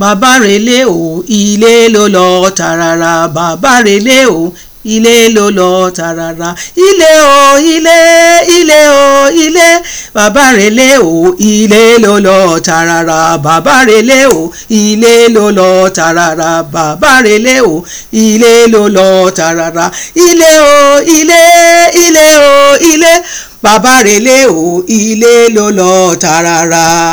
bàbá relé o ilé ló lọ tààràrà bàbá relé o ilé ló lọ tààràrà ilé o ilé ilé o ilé bàbá relé o ilé ló lọ tààràrà bàbá relé o ilé ló lọ tààràrà bàbá relé o ilé ló lọ tààràrà ilé o ilé ilé o ilé bàbá relé o ilé ló lọ tààràrà.